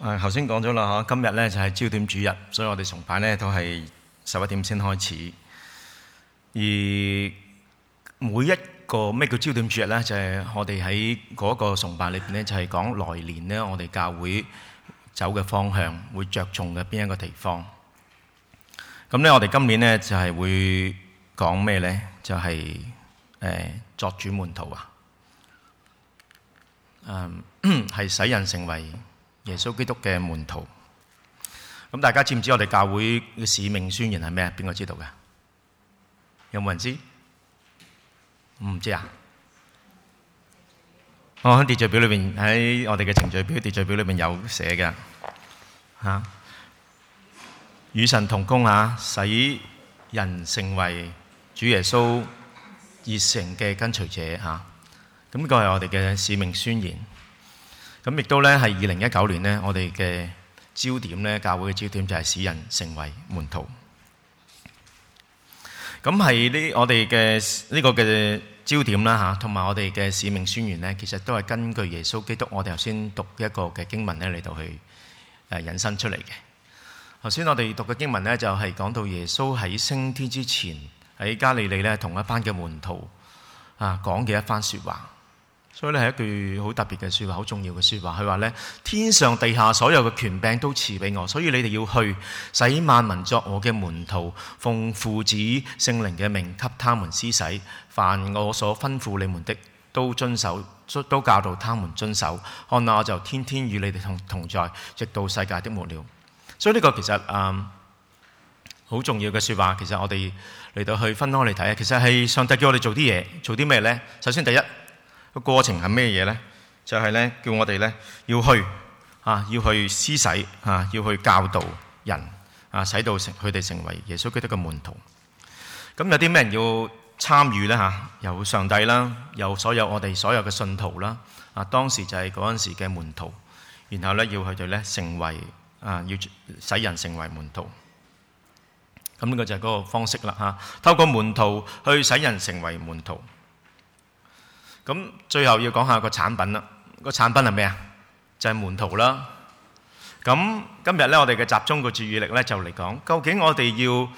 誒，頭先講咗啦，今日咧就係焦點主日，所以我哋崇拜咧都係十一點先開始。而每一個咩叫焦點主日呢？就係、是、我哋喺嗰個崇拜裏面呢，就係講來年呢我哋教會走嘅方向，會着重嘅邊一個地方。咁咧，我哋今年呢就係會講咩呢？就係、是、誒、呃，作主門徒啊，嗯，係使人成為耶穌基督嘅門徒，咁大家知唔知我哋教會嘅使命宣言係咩？邊個知道嘅？有冇人知？唔知啊？我喺秩序表裏面，喺我哋嘅程序表、秩序表裏面有寫嘅，吓，與神同工啊，使人成為主耶穌熱誠嘅跟隨者啊，咁個係我哋嘅使命宣言。咁亦都咧，係二零一九年咧，我哋嘅焦點咧，教會嘅焦點就係使人成為門徒。咁係呢，我哋嘅呢個嘅焦點啦，吓，同埋我哋嘅使命宣言咧，其實都係根據耶穌基督，我哋頭先讀一個嘅經文咧嚟到去誒引申出嚟嘅。頭先我哋讀嘅經文咧，就係講到耶穌喺升天之前喺加利利咧，同一班嘅門徒啊講嘅一番說話。所以呢，係一句好特別嘅說話，好重要嘅說話。佢話：「呢天上地下所有嘅權柄都賜俾我，所以你哋要去使萬民作我嘅門徒，奉父子聖靈嘅名給他們施洗。凡我所吩咐你們的，都遵守，都教導他們遵守。看那我就天天與你哋同同在，直到世界的末了。所以呢個其實，誒、嗯、好重要嘅說話。其實我哋嚟到去分開嚟睇，其實係上帝叫我哋做啲嘢，做啲咩呢？首先第一。個過程係咩嘢呢？就係呢，叫我哋呢要去啊，要去施洗啊，要去教導人啊，使到成佢哋成為耶穌基督嘅門徒。咁有啲咩人要參與呢？吓，有上帝啦，有所有我哋所有嘅信徒啦。啊，當時就係嗰陣時嘅門徒，然後呢要佢哋呢成為啊，要使人成為門徒。咁、那、呢個就係嗰個方式啦。吓，透過門徒去使人成為門徒。咁最後要講下個產品啦，個產品係咩啊？就係門徒啦。咁今日呢，我哋嘅集中個注意力呢，就嚟講，究竟我哋要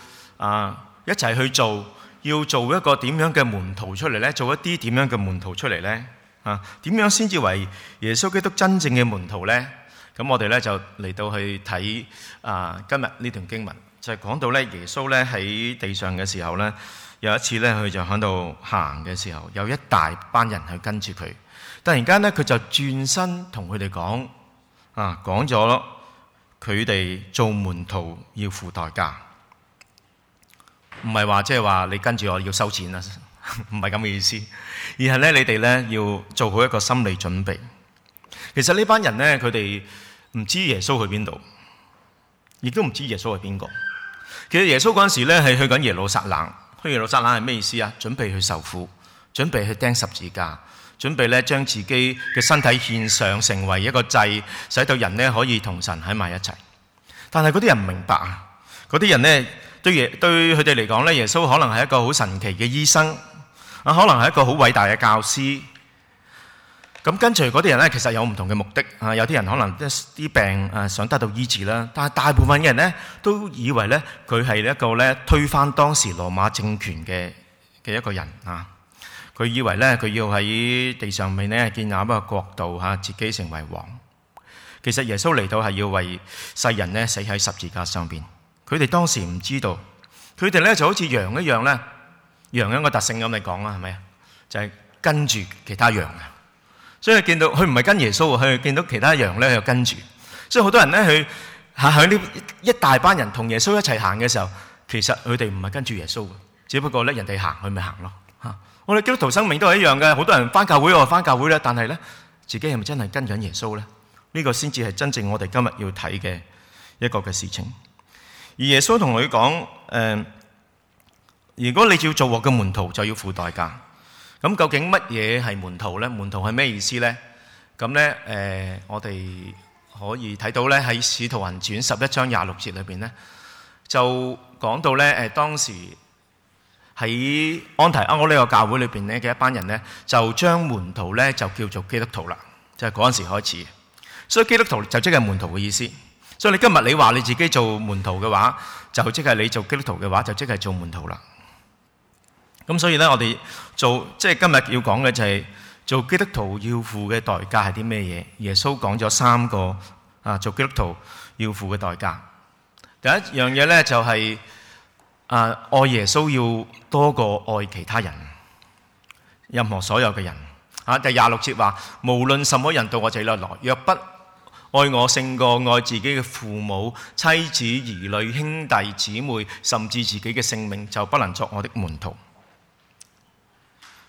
啊一齊去做，要做一個點樣嘅門徒出嚟呢？做一啲點樣嘅門徒出嚟呢？啊，點樣先至為耶穌基督真正嘅門徒呢？咁我哋呢就嚟到去睇啊今日呢段經文，就係講到呢耶穌呢喺地上嘅時候呢。有一次咧，佢就喺度行嘅時候，有一大班人去跟住佢。突然間咧，佢就轉身同佢哋講：啊，講咗佢哋做門徒要付代價，唔係話即係話你跟住我要收錢啦，唔係咁嘅意思。而係咧，你哋咧要做好一個心理準備。其實呢班人咧，佢哋唔知耶穌去邊度，亦都唔知耶穌係邊個。其實耶穌嗰陣時咧係去緊耶路撒冷。推完耶路撒冷係咩意思啊？準備去受苦，準備去釘十字架，準備咧將自己嘅身體獻上，成為一個祭，使到人咧可以同神喺埋一齊。但係嗰啲人唔明白啊！嗰啲人咧對耶對佢哋嚟講咧，耶穌可能係一個好神奇嘅醫生，啊可能係一個好偉大嘅教師。咁跟隨嗰啲人咧，其實有唔同嘅目的啊！有啲人可能啲病啊，想得到醫治啦。但係大部分嘅人咧，都以為咧佢係一個咧推翻當時羅馬政權嘅嘅一個人啊！佢以為咧佢要喺地上面咧建立一個國度嚇，自己成為王。其實耶穌嚟到係要為世人咧死喺十字架上面。佢哋當時唔知道，佢哋咧就好似羊一樣咧，羊一個特性咁嚟講啦，係咪啊？就係跟住其他羊。所以見到佢唔係跟耶穌，佢見到其他羊咧又跟住。所以好多人咧去喺喺呢一大班人同耶穌一齊行嘅時候，其實佢哋唔係跟住耶穌嘅，只不過咧人哋行佢咪行咯嚇。我哋基督徒生命都係一樣嘅，好多人返教會，我返教會咧，但係咧自己係咪真係跟緊耶穌咧？呢個先至係真正我哋今日要睇嘅一個嘅事情。而耶穌同佢講：誒，如果你要做我嘅門徒，就要付代價。咁究竟乜嘢係門徒呢？門徒係咩意思呢？咁呢，誒，我哋可以睇到呢喺《使徒行傳》十一章廿六節裏邊呢，就講到呢，誒，當時喺安提阿呢個教會裏邊呢嘅一班人呢，就將門徒呢就叫做基督徒啦，就係嗰陣時開始。所以基督徒就即係門徒嘅意思。所以你今日你話你自己做門徒嘅話，就即係你做基督徒嘅話，就即係做門徒啦。咁所以呢，我哋做即係今日要講嘅就係做基督徒要付嘅代價係啲咩嘢？耶穌講咗三個啊，做基督徒要付嘅代價。第一樣嘢呢，就係啊，愛耶穌要多過愛其他人，任何所有嘅人啊。第廿六節話，無論什麼人到我這裏來，若不愛我勝過愛自己嘅父母、妻子、兒女、兄弟、姊妹，甚至自己嘅性命，就不能作我的門徒。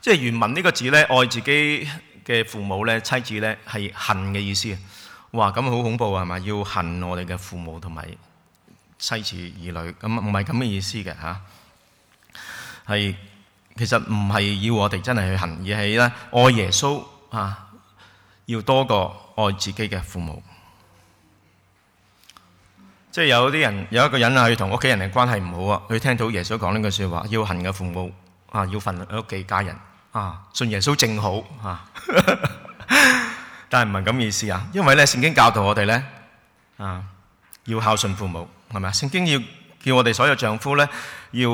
即係原文呢個字咧，愛自己嘅父母咧、妻子咧，係恨嘅意思。哇，咁好恐怖啊，係嘛？要恨我哋嘅父母同埋妻子兒女，咁唔係咁嘅意思嘅吓。係其實唔係要我哋真係去恨，而係咧愛耶穌啊，要多過愛自己嘅父母。即係有啲人，有一個人係同屋企人嘅關係唔好啊，佢聽到耶穌講呢句說話，要恨嘅父母啊，要恨屋企家人。啊，信耶穌正好啊， 但係唔係咁意思啊，因為咧聖經教導我哋咧啊，要孝順父母係咪啊？聖經要叫我哋所有丈夫咧，要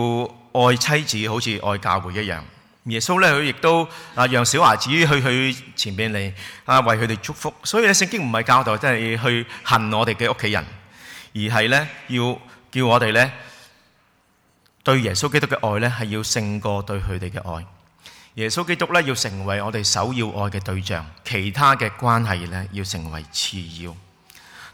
愛妻子好似愛教會一樣。耶穌咧佢亦都啊，讓小孩子去去前邊嚟啊，為佢哋祝福。所以咧聖經唔係教導即係去恨我哋嘅屋企人，而係咧要叫我哋咧對耶穌基督嘅愛咧係要勝過對佢哋嘅愛。耶穌基督咧要成為我哋首要愛嘅對象，其他嘅關係咧要成為次要。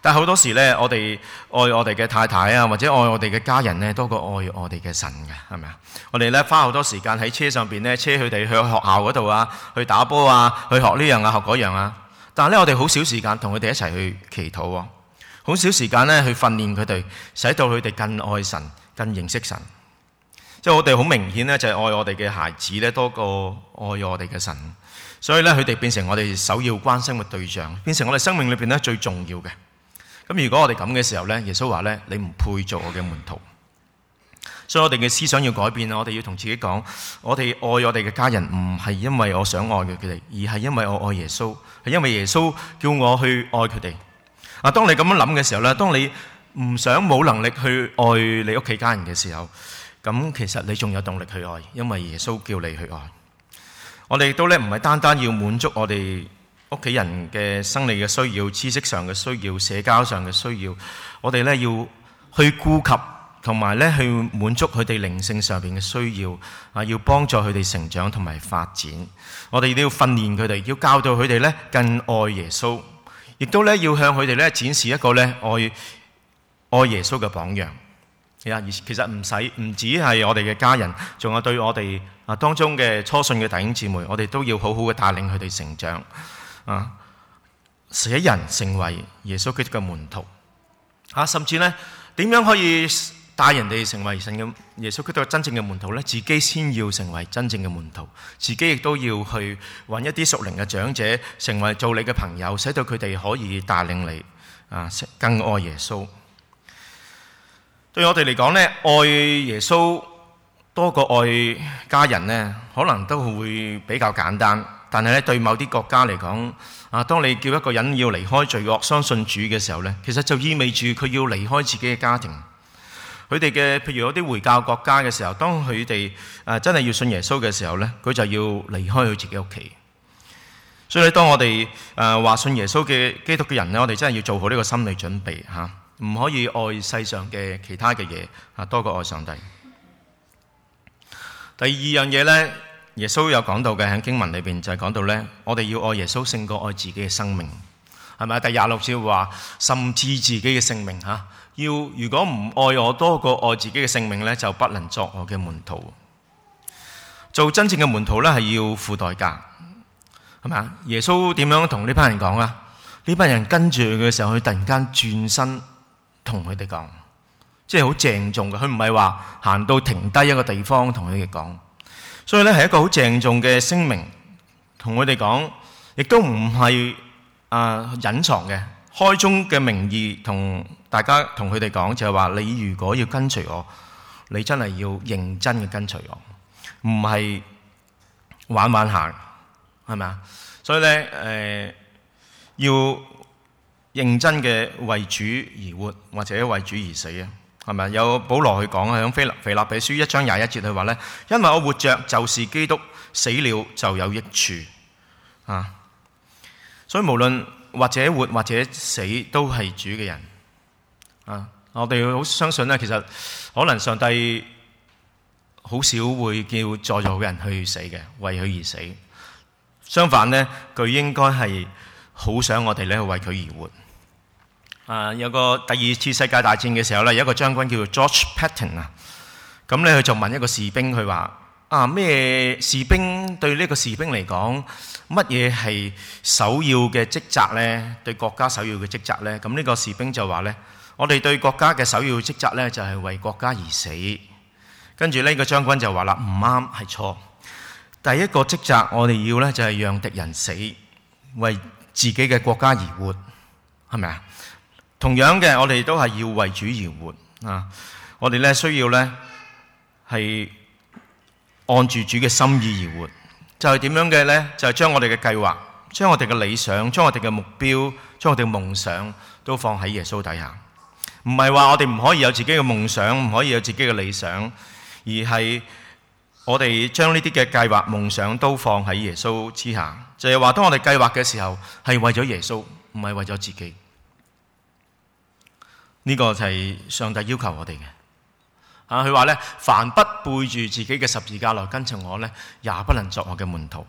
但係好多時咧，我哋愛我哋嘅太太啊，或者愛我哋嘅家人咧，多過愛我哋嘅神嘅，係咪啊？我哋咧花好多時間喺車上邊咧，車佢哋去學校嗰度啊，去打波啊，去學呢樣啊，學嗰樣啊。但係咧，我哋好少時間同佢哋一齊去祈禱啊，好少時間咧去訓練佢哋，使到佢哋更愛神、更認識神。即係我哋好明顯咧，就係愛我哋嘅孩子咧多過愛我哋嘅神，所以咧佢哋變成我哋首要關心嘅對象，變成我哋生命裏邊咧最重要嘅。咁如果我哋咁嘅時候咧，耶穌話咧，你唔配做我嘅門徒，所以我哋嘅思想要改變。我哋要同自己講，我哋愛我哋嘅家人唔係因為我想愛佢哋，而係因為我愛耶穌，係因為耶穌叫我去愛佢哋。啊，當你咁樣諗嘅時候咧，當你唔想冇能力去愛你屋企家人嘅時候。咁其實你仲有動力去愛，因為耶穌叫你去愛。我哋都咧唔係單單要滿足我哋屋企人嘅生理嘅需要、知識上嘅需要、社交上嘅需要，我哋咧要去顧及，同埋咧去滿足佢哋靈性上邊嘅需要啊，要幫助佢哋成長同埋發展。我哋都要訓練佢哋，要教導佢哋咧更愛耶穌，亦都咧要向佢哋咧展示一個咧愛愛耶穌嘅榜樣。係啊，其實唔使，唔止係我哋嘅家人，仲有對我哋啊當中嘅初信嘅弟兄姊妹，我哋都要好好嘅帶領佢哋成長，啊，使人成為耶穌基督嘅門徒，啊，甚至呢點樣可以帶人哋成為神嘅耶穌基督真正嘅門徒呢？自己先要成為真正嘅門徒，自己亦都要去揾一啲屬靈嘅長者，成為做你嘅朋友，使到佢哋可以帶領你啊更愛耶穌。對我哋嚟講呢，愛耶穌多過愛家人呢，可能都會比較簡單。但係呢，對某啲國家嚟講，啊，當你叫一個人要離開罪惡、相信主嘅時候呢，其實就意味住佢要離開自己嘅家庭。佢哋嘅，譬如有啲回教國家嘅時候，當佢哋真係要信耶穌嘅時候呢，佢就要離開佢自己屋企。所以當我哋誒話信耶穌嘅基督嘅人呢，我哋真係要做好呢個心理準備吓。唔可以愛世上嘅其他嘅嘢啊，多過愛上帝。第二樣嘢呢，耶穌有講到嘅喺經文裏邊就係講到呢：我哋要愛耶穌勝過愛自己嘅生命，係咪啊？第廿六節話，甚至自己嘅性命啊，要如果唔愛我多過愛自己嘅性命呢，就不能作我嘅門徒。做真正嘅門徒呢，係要付代價，係咪？耶穌點樣同呢班人講啊？呢班人跟住佢嘅時候，佢突然間轉身。同佢哋講，即係好鄭重嘅，佢唔係話行到停低一個地方同佢哋講，所以呢係一個好鄭重嘅聲明，同佢哋講，亦都唔係誒隱藏嘅，開宗嘅名義同大家同佢哋講，就係、是、話你如果要跟隨我，你真係要認真嘅跟隨我，唔係玩玩下，係咪啊？所以呢，誒、呃、要。認真嘅為主而活，或者為主而死嘅，係咪有保羅去講喺腓立腓立比書一章廿一節，佢話呢，因為我活着就是基督，死了就有益處。啊，所以無論或者活或者死，都係主嘅人。啊，我哋好相信呢，其實可能上帝好少會叫在座嘅人去死嘅，為佢而死。相反呢，佢應該係好想我哋咧，為佢而活。啊！有個第二次世界大戰嘅時候咧，有一個將軍叫做 George Patton 啊。咁咧，佢就問一個士兵，佢話：啊，咩士兵對呢個士兵嚟講，乜嘢係首要嘅職責呢？對國家首要嘅職責呢？」咁呢個士兵就話呢，我哋對國家嘅首要職責呢，就係為國家而死。跟住呢個將軍就話啦：唔啱，係錯。第一個職責，我哋要呢，就係讓敵人死，為自己嘅國家而活，係咪啊？同樣嘅，我哋都係要為主而活啊！我哋咧需要咧係按住主嘅心意而活，就係點樣嘅咧？就係將我哋嘅計劃、將我哋嘅理想、將我哋嘅目標、將我哋嘅夢想都放喺耶穌底下。唔係話我哋唔可以有自己嘅夢想，唔可以有自己嘅理想，而係我哋將呢啲嘅計劃、夢想都放喺耶穌之下。就係話，當我哋計劃嘅時候，係為咗耶穌，唔係為咗自己。呢個就係上帝要求我哋嘅啊！佢話呢，凡不背住自己嘅十字架來跟從我呢，也不能作我嘅門徒。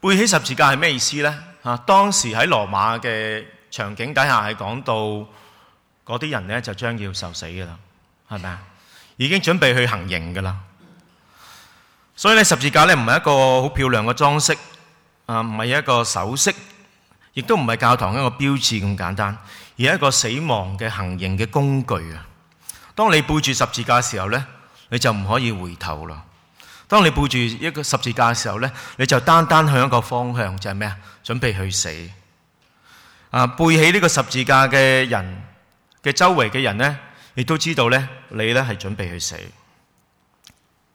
背起十字架係咩意思呢？啊！當時喺羅馬嘅場景底下係講到嗰啲人呢，就將要受死噶啦，係咪啊？已經準備去行刑噶啦。所以呢十字架呢，唔係一個好漂亮嘅裝飾啊，唔係一個首飾，亦都唔係教堂一個標誌咁簡單。而一個死亡嘅行刑嘅工具啊！當你背住十字架嘅時候呢，你就唔可以回頭啦。當你背住一個十字架嘅時候呢，你就單單向一個方向，就係咩啊？準備去死啊！背起呢個十字架嘅人嘅周圍嘅人呢，亦都知道呢，你呢係準備去死。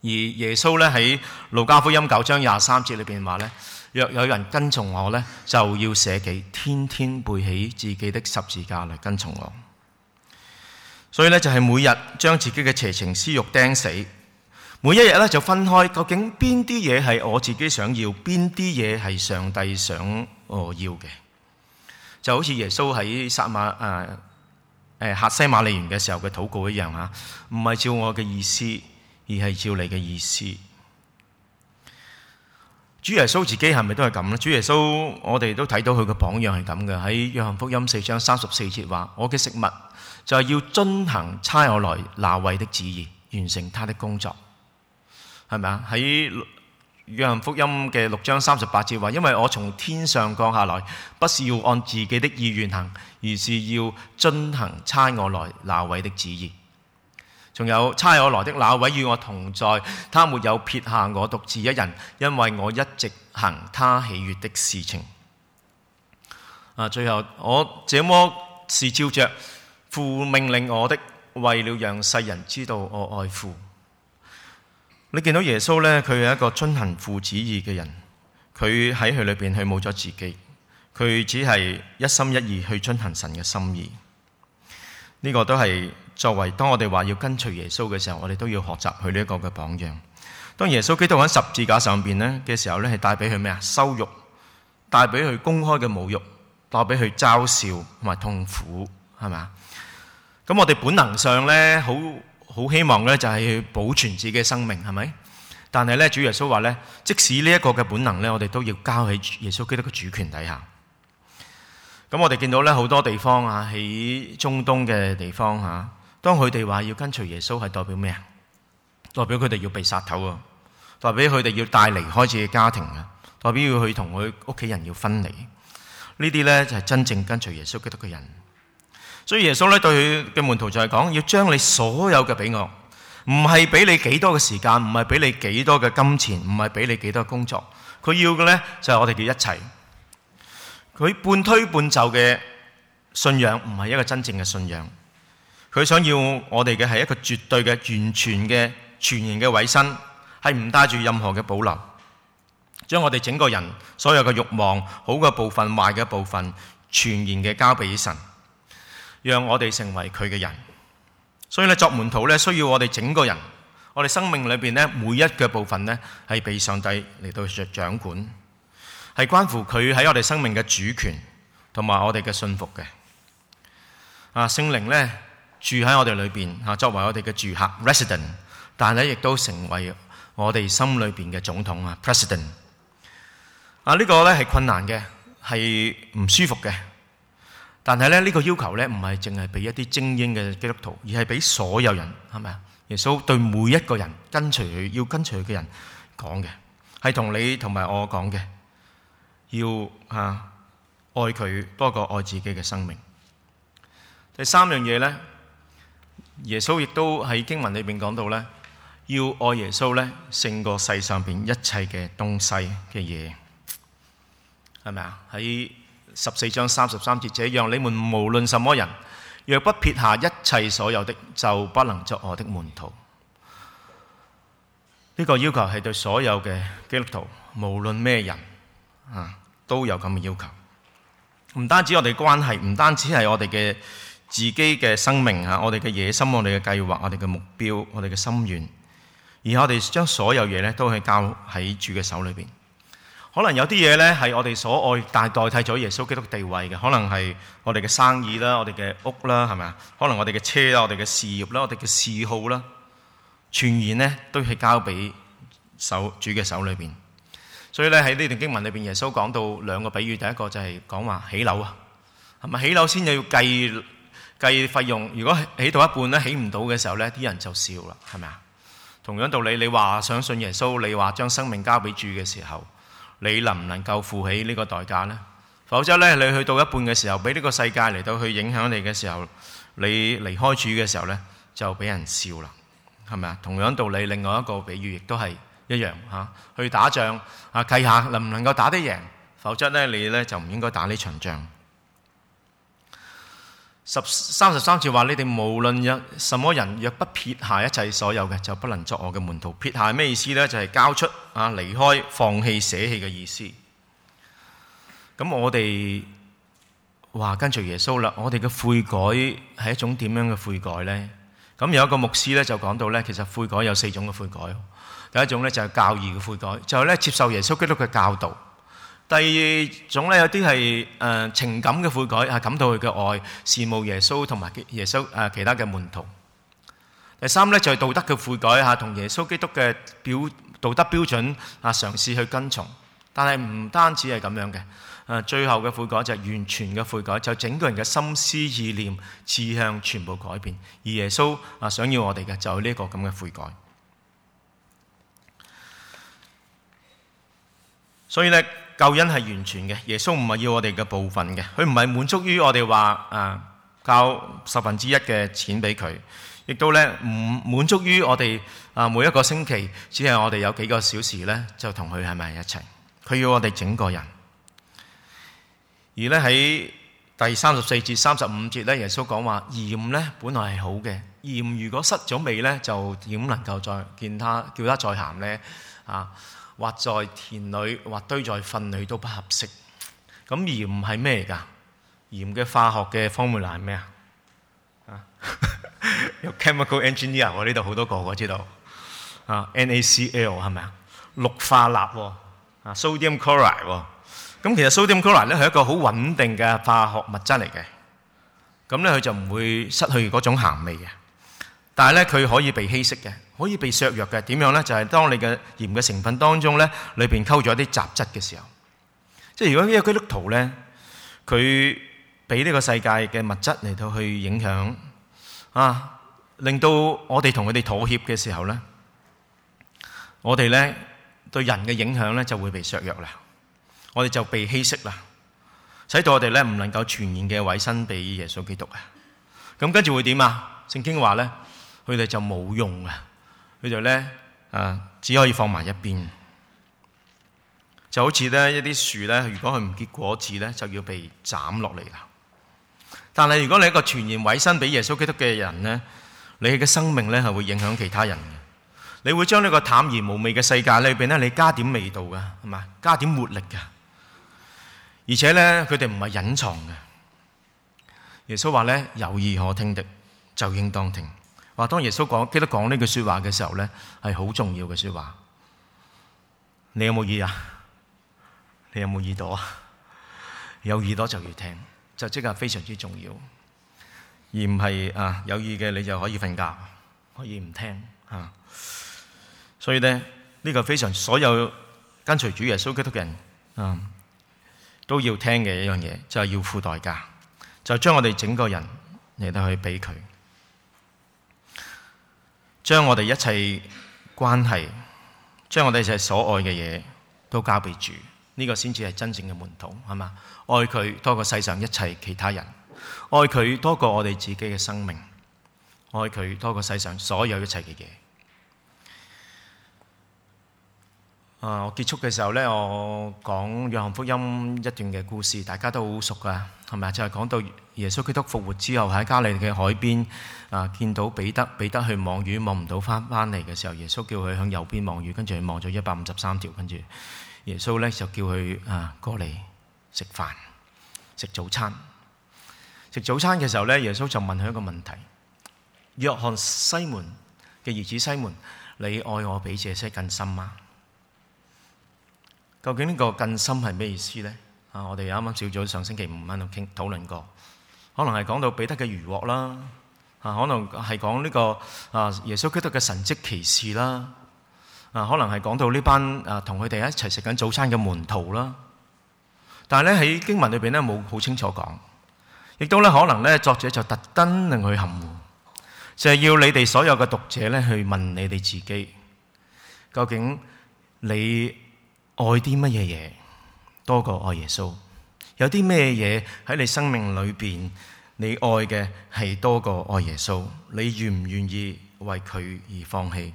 而耶穌呢，喺路加福音九章廿三節裏邊話呢。若有人跟從我呢，就要捨己，天天背起自己的十字架嚟跟從我。所以呢，就係每日將自己嘅邪情私欲釘死，每一日呢，就分開，究竟邊啲嘢係我自己想要，邊啲嘢係上帝想我要嘅。就好似耶穌喺撒馬誒誒，啊啊、克西馬利園嘅時候嘅禱告一樣吓，唔係照我嘅意思，而係照你嘅意思。主耶穌自己係咪都係咁咧？主耶穌我哋都睇到佢嘅榜樣係咁嘅。喺約翰福音四章三十四節話：我嘅食物就係要遵行差我來那位的旨意，完成他的工作，係咪啊？喺約翰福音嘅六章三十八節話：因為我從天上降下來，不是要按自己的意願行，而是要遵行差我來那位的旨意。仲有差我來的那位與我同在，他沒有撇下我獨自一人，因為我一直行他喜悅的事情。啊，最後我這麼是照着父命令我的，為了讓世人知道我愛父。你見到耶穌呢，佢係一個遵行父旨意嘅人，佢喺佢裏邊佢冇咗自己，佢只係一心一意去遵行神嘅心意。呢、這個都係。作為當我哋話要跟隨耶穌嘅時候，我哋都要學習佢呢一個嘅榜樣。當耶穌基督喺十字架上邊咧嘅時候呢，係帶俾佢咩啊？羞辱，帶俾佢公開嘅侮辱，帶俾佢嘲笑同埋痛苦，係咪啊？咁我哋本能上呢，好好希望呢，就係去保存自己嘅生命，係咪？但係呢，主耶穌話呢，即使呢一個嘅本能呢，我哋都要交喺耶穌基督嘅主權底下。咁我哋見到呢好多地方啊，喺中東嘅地方啊。當佢哋話要跟隨耶穌，係代表咩啊？代表佢哋要被殺頭喎，代表佢哋要帶離開自己家庭啊，代表要去同佢屋企人要分離。呢啲呢就係真正跟隨耶穌嘅一個人。所以耶穌咧對佢嘅門徒就係講：要將你所有嘅俾我，唔係俾你幾多嘅時間，唔係俾你幾多嘅金錢，唔係俾你幾多工作。佢要嘅呢，就係我哋嘅一切。佢半推半就嘅信仰唔係一個真正嘅信仰。佢想要我哋嘅係一個絕對嘅、完全嘅、全然嘅委身，係唔帶住任何嘅保留，將我哋整個人所有嘅慾望、好嘅部分、壞嘅部分，全然嘅交俾神，讓我哋成為佢嘅人。所以咧，作門徒咧，需要我哋整個人，我哋生命裏邊咧，每一個部分咧，係被上帝嚟到掌掌管，係關乎佢喺我哋生命嘅主權同埋我哋嘅信服嘅。啊，聖靈咧。住喺我哋裏邊吓，作為我哋嘅住客 resident，但係咧亦都成為我哋心裏邊嘅總統啊 president。啊呢個咧係困難嘅，係唔舒服嘅。但係咧呢個要求咧唔係淨係俾一啲精英嘅基督徒，而係俾所有人係咪啊？耶穌對每一個人跟隨佢要跟隨佢嘅人講嘅，係同你同埋我講嘅，要吓愛佢多過愛自己嘅生命。第三樣嘢咧。耶穌亦都喺經文裏邊講到呢，要愛耶穌呢，勝過世上邊一切嘅東西嘅嘢，係咪啊？喺十四章三十三節，這樣你們無論什麼人，若不撇下一切所有的，就不能作我的門徒。呢個要求係對所有嘅基督徒，無論咩人啊，都有咁嘅要求。唔單止我哋關係，唔單止係我哋嘅。自己嘅生命啊，我哋嘅野心，我哋嘅計劃，我哋嘅目標，我哋嘅心願，而我哋將所有嘢咧都係交喺主嘅手裏邊。可能有啲嘢咧係我哋所愛，但係代替咗耶穌基督的地位嘅，可能係我哋嘅生意啦，我哋嘅屋啦，係咪啊？可能我哋嘅車啦，我哋嘅事業啦，我哋嘅嗜好啦，全然呢都係交俾手主嘅手裏邊。所以咧喺呢段經文裏邊，耶穌講到兩個比喻，第一個就係講話起樓啊，係咪起樓先至要計？計費用，如果起到一半咧，起唔到嘅時候呢，啲人就笑啦，係咪啊？同樣道理，你話想信耶穌，你話將生命交俾主嘅時候，你能唔能夠付起呢個代價呢？否則呢，你去到一半嘅時候，俾呢個世界嚟到去影響你嘅時候，你離開主嘅時候呢，就俾人笑啦，係咪啊？同樣道理，另外一個比喻亦都係一樣吓，去打仗吓，計下能唔能夠打得贏？否則呢，你咧就唔應該打呢場仗。十三十三次話：你哋無論有什麼人，若不撇下一切所有嘅，就不能作我嘅門徒。撇下係咩意思咧？就係交出、啊離開、放棄、捨棄嘅意思。咁我哋話跟隨耶穌啦。我哋嘅悔改係一種點樣嘅悔改咧？咁有一個牧師咧就講到咧，其實悔改有四種嘅悔改。第一種咧就係教義嘅悔改，就係咧接受耶穌基督嘅教導。第二種呢，有啲係誒情感嘅悔改，係感到佢嘅愛、羨慕耶穌同埋耶穌誒其他嘅門徒。第三呢就係道德嘅悔改，嚇同耶穌基督嘅表道德標準啊，嘗試去跟從。但係唔單止係咁樣嘅誒，最後嘅悔改就係完全嘅悔改，就整個人嘅心思意念、志向全部改變。而耶穌啊，想要我哋嘅就係呢個咁嘅悔改。所以呢。救恩係完全嘅，耶穌唔係要我哋嘅部分嘅，佢唔係滿足於我哋話啊交十分之一嘅錢俾佢，亦都咧唔滿足於我哋啊每一個星期只係我哋有幾個小時咧就同佢喺埋一齊，佢要我哋整個人。而咧喺第三十四節、三十五節咧，耶穌講話，鹽咧本來係好嘅，鹽如果失咗味咧，就點能夠再見他叫他再鹹咧啊？或在田裏，或堆在糞裏都不合適。咁鹽係咩嚟㗎？鹽嘅化學嘅方程式係咩啊？啊，有 chemical engineer，我呢度好多個我知道。啊，NaCl 係咪啊？氯化鈉喎，啊，sodium chloride 喎。咁其實 sodium chloride 咧係一個好穩定嘅化學物質嚟嘅。咁咧佢就唔會失去嗰種鹹味嘅。但係咧佢可以被稀釋嘅。可以被削弱嘅，點樣咧？就係當你嘅鹽嘅成分當中咧，裏邊溝咗啲雜質嘅時候，即係如果呢個基督徒咧，佢俾呢個世界嘅物質嚟到去影響啊，令到我哋同佢哋妥協嘅時候咧，我哋咧對人嘅影響咧就會被削弱啦，我哋就被稀釋啦，使到我哋咧唔能夠傳染嘅衞生俾耶穌基督啊。咁跟住會點啊？聖經話咧，佢哋就冇用啊！佢就呢、啊、只可以放埋一邊，就好似呢一啲樹呢，如果佢唔結果子呢，就要被斬落嚟啦，但係如果你是一個全然委身給耶穌基督的人呢，你的生命咧係會影響其他人嘅，你會將呢個淡而無味的世界裏面呢，你加點味道噶，係嘛？加點活力噶，而且咧佢哋唔係隱藏的。耶穌話呢，有耳可聽的就應當聽。話當耶穌講基督講呢句說話嘅時候咧，係好重要嘅說話。你有冇耳啊？你有冇耳朵啊？有耳朵就要聽，就即刻非常之重要，而唔係啊有耳嘅，你就可以瞓覺，可以唔聽啊。所以咧呢、呢個非常所有跟隨主耶穌基督嘅人啊，都要聽嘅一樣嘢，就係、是、要付代價，就是、將我哋整個人嚟，到去俾佢。將我哋一切關係，將我哋一切所愛嘅嘢，都交俾主，呢、呢個先至係真正嘅門徒，係嘛？愛佢多過世上一切其他人，愛佢多過我哋自己嘅生命，愛佢多過世上所有一切嘅嘢。啊，我結束嘅時候呢，我講約翰福音一段嘅故事，大家都好熟噶，係咪？就係、係、講到耶穌基督復活之後喺加利嘅海邊。啊！見到彼得，彼得去望魚，望唔到，翻翻嚟嘅時候，耶穌叫佢向右邊望魚，跟住佢望咗一百五十三條。跟住耶穌咧就叫佢啊過嚟食飯，食早餐。食早餐嘅時候咧，耶穌就問佢一個問題：約翰西門嘅兒子西門，你愛我比這些更深嗎？究竟呢個更深係咩意思咧？啊！我哋啱啱小組上星期五喺度傾討論過，可能係講到彼得嘅漁獲啦。啊，可能係講呢個啊耶穌基督嘅神跡奇事啦，啊可能係講到呢班啊同佢哋一齊食緊早餐嘅門徒啦，但係咧喺經文裏邊咧冇好清楚講，亦都咧可能咧作者就特登令佢含糊，就係、是、要你哋所有嘅讀者咧去問你哋自己，究竟你愛啲乜嘢嘢多過愛耶穌？有啲咩嘢喺你生命裏邊？你愛嘅係多過愛耶穌，你願唔願意為佢而放棄？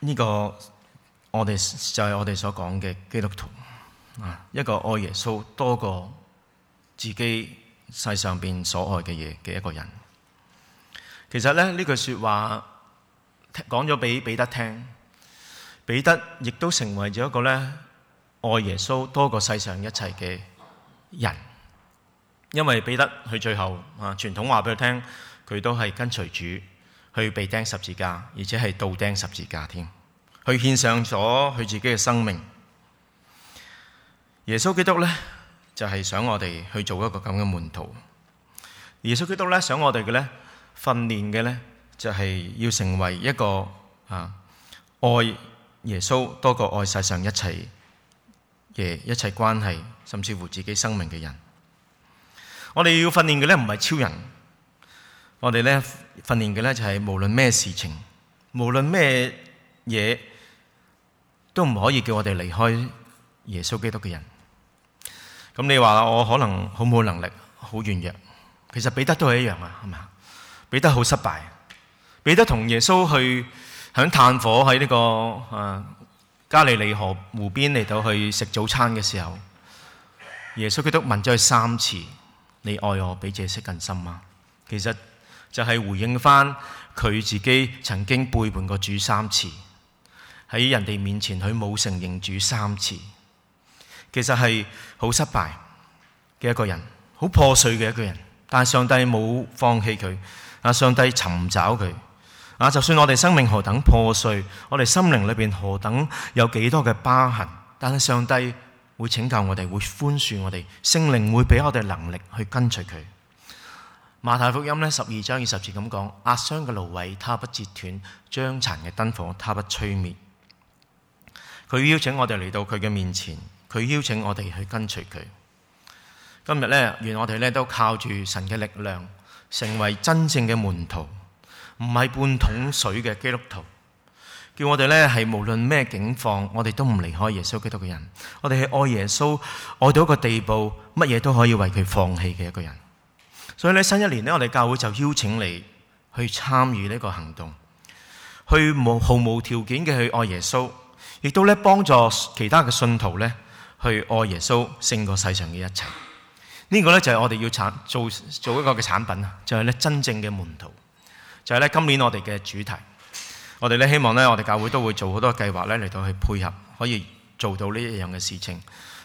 呢、這個我哋就係、是、我哋所講嘅基督徒啊，一個愛耶穌多過自己世上邊所愛嘅嘢嘅一個人。其實呢句話說話講咗俾彼得聽，彼得亦都成為咗一個呢。愛耶穌多過世上一切嘅人，因為彼得佢最後啊，傳統話俾佢聽，佢都係跟隨主去被釘十字架，而且係倒釘十字架添，去獻上咗佢自己嘅生命。耶穌基督呢，就係想我哋去做一個咁嘅門徒。耶穌基督呢，想我哋嘅呢訓練嘅呢，就係要成為一個啊愛耶穌多過愛世上一切。嘅一切關係，甚至乎自己生命嘅人，我哋要訓練嘅，咧，唔係超人，我哋咧訓練嘅咧，就係無論咩事情，無論咩嘢，都唔可以叫我哋離開耶穌基督嘅人。咁你話我可能好冇能力，好軟弱，其實彼得都係一樣啊，係咪啊？彼得好失敗，彼得同耶穌去響炭火喺呢個啊加利利河湖邊嚟到去食早餐嘅時候，耶穌佢都問咗佢三次：你愛我比這些更深嗎，啊？其實就係回應翻佢自己曾經背叛過主三次，喺人哋面前佢冇承認主三次，其實係好失敗嘅一個人，好破碎嘅一個人。但上帝冇放棄佢，啊上帝尋找佢。啊！就算我哋生命何等破碎，我哋心靈裏面何等有幾多嘅疤痕，但是上帝會拯救我哋，會寬恕我哋，聖靈會俾我哋能力去跟隨佢。馬太福音呢十二章二十節咁講：壓傷嘅蘆葦，他不折斷；將殘嘅燈火，他不吹滅。佢邀請我哋嚟到佢嘅面前，佢邀請我哋去跟隨佢。今日呢，願我哋都靠住神嘅力量，成為真正嘅門徒。唔係半桶水嘅基督徒，叫我哋呢係無論咩境況，我哋都唔離開耶穌基督嘅人。我哋係愛耶穌愛到一個地步，乜嘢都可以為佢放棄嘅一個人。所以呢，新一年呢，我哋教會就邀請你去參與呢個行動，去無毫無條件嘅去愛耶穌，亦都呢幫助其他嘅信徒呢去愛耶穌，勝過世上嘅一切。呢個呢，就係我哋要產做做一個嘅產品啊！就係咧真正嘅門徒。就係咧，今年我哋嘅主題，我哋咧希望咧，我哋教會都會做好多計劃咧，嚟到去配合，可以做到呢一樣嘅事情。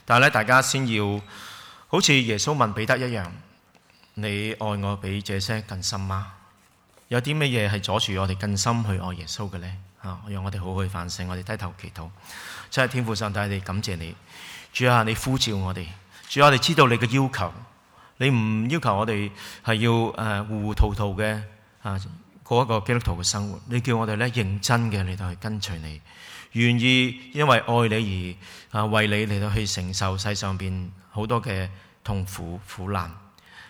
但係咧，大家先要好似耶穌問彼得一樣，你愛我比這些更深嗎？有啲乜嘢係阻住我哋更深去愛耶穌嘅咧？啊，讓我哋好去反省，我哋低頭祈禱。真係天父上帝，我哋感謝你，主啊，你呼召我哋，主啊，我哋知道你嘅要求，你唔要求我哋係要誒糊糊塗塗嘅啊！呃戶戶戶戶過一個基督徒嘅生活，你叫我哋咧認真嘅嚟到去跟隨你，願意因為愛你而啊為你嚟到去承受世上邊好多嘅痛苦苦難，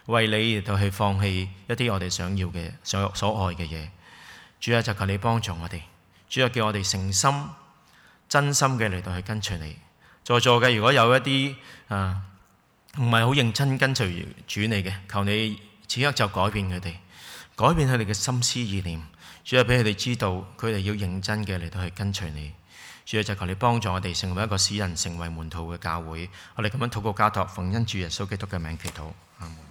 為你嚟到去放棄一啲我哋想要嘅所所愛嘅嘢。主啊，就求你幫助我哋，主啊，叫我哋誠心、真心嘅嚟到去跟隨你。在座嘅如果有一啲啊唔係好認真跟隨主你嘅，求你此刻就改變佢哋。改變佢哋嘅心思意念，主要俾佢哋知道佢哋要認真嘅嚟到去跟隨你。主要就求你幫助我哋成為一個使人成為門徒嘅教會。我哋咁樣禱告交託，奉恩主耶穌基督嘅名祈禱。Amen.